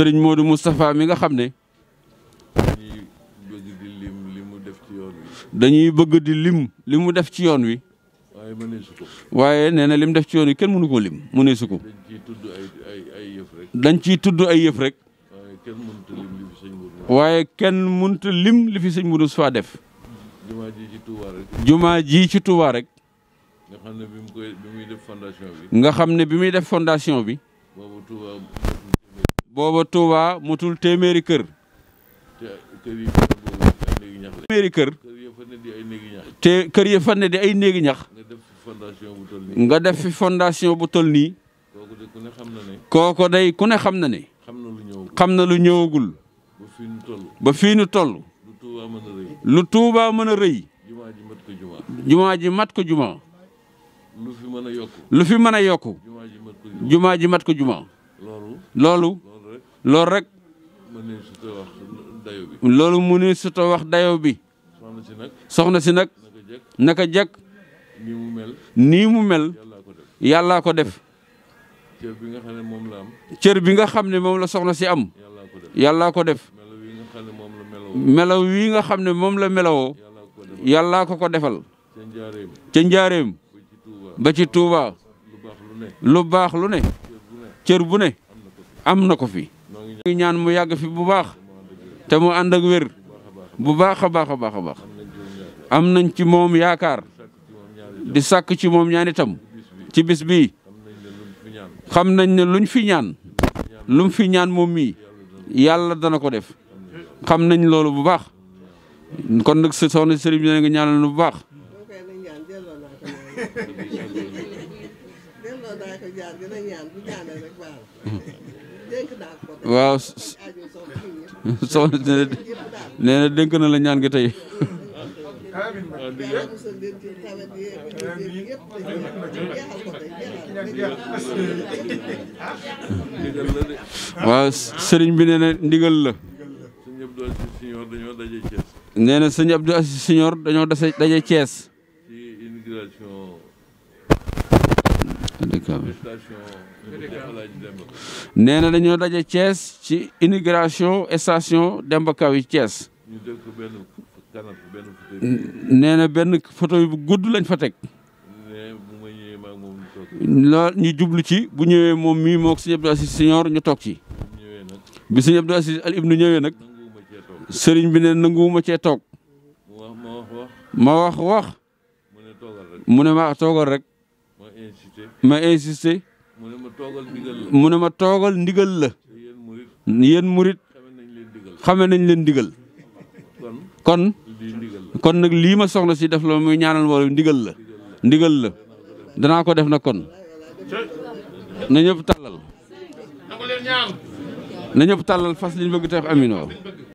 serigne Modou Moustapha mi nga xam dañuy bëgg di lim limu def ci yoon wi. waye mané suko lim li mu def ci yoon wi. kenn mënu ko lim mëneesu suko dañ ci tuddu ay yef rek. waye kenn mënu lim li fi sëñ Modou. waaye lim li fi sëñ Modou Moustapha def. juma ji ci Touba rek. juma ji ci Touba rek. nga xam bimu bi mu koy bi def fondation bi. nga xam ne def fondation bi. booba Touba motul téeméeri kër. téeméeri kër. te kër ya fa di ay néegi ñax. nga def fi fondation bu tol nii. kooko day ku ne xam na ne. xam na lu ñëwagul. ba fii nu toll. lu Touba mën a rëy. jumaa ji mat ko jumaa. lu fi mën a yokk jumaa ji mat ko jumaa. loolu. loolu rek. loolu mu su ta wax dayo bi. soxna si nag. soxna si nag naka jekk. nii mu mel. nii mu mel. yàllaa ko def. cër bi nga xam ne moom la am. cër bi nga xam ne moom la soxna si am. yàllaa ko def. melaw wi nga xam ne moom la melawoo. yàllaa ko ko defal. ca njaareem. ba ci Touba. lu baax lu ne. cër bu ne. am na ko fi. ñu ñaan mu yàgg fi bu baax te mu ànd ak wér bu baax a baax a baax a baax am nañ ci moom yaakaar di sàkk ci moom ñaan itam ci bis bii xam nañ ne luñ fi ñaan lum fi ñaan moom mii yàlla dana ko def xam nañ loolu bu baax kon nag soxna sëriñ bi ne nga ñaanal nu bu baax waaw soxna nee na la ñaan gi tey waaw sëriñ bi nee na ndigal la nee na sëñ Abdou Aziz Siñoor dañoo daje Cees Nena dañu dajé daje Thiès ci immigration station Demba kawi yi Thiès nee benn photo bu gudd lañ fa tek lool ñu jublu ci bu ñëwé mom mi mok sëñ Abdou assis Senior ñu tok ci bi sëñ Abdou assis Al Ibnu ñëwé nak sëriñ bi ne nanguuma ci tok ma wax wax mu ne togal rek ma insisté mu ne ma toogal ndigal la yéen murit xame nañ leen ndigal kon kon nag lii ma soxna si def la muy ñaanal mbooloo ndigal la ndigal la danaa ko def na kon na ñëpp tàllal na ñëpp tàllal fas liñ bëgg teex amin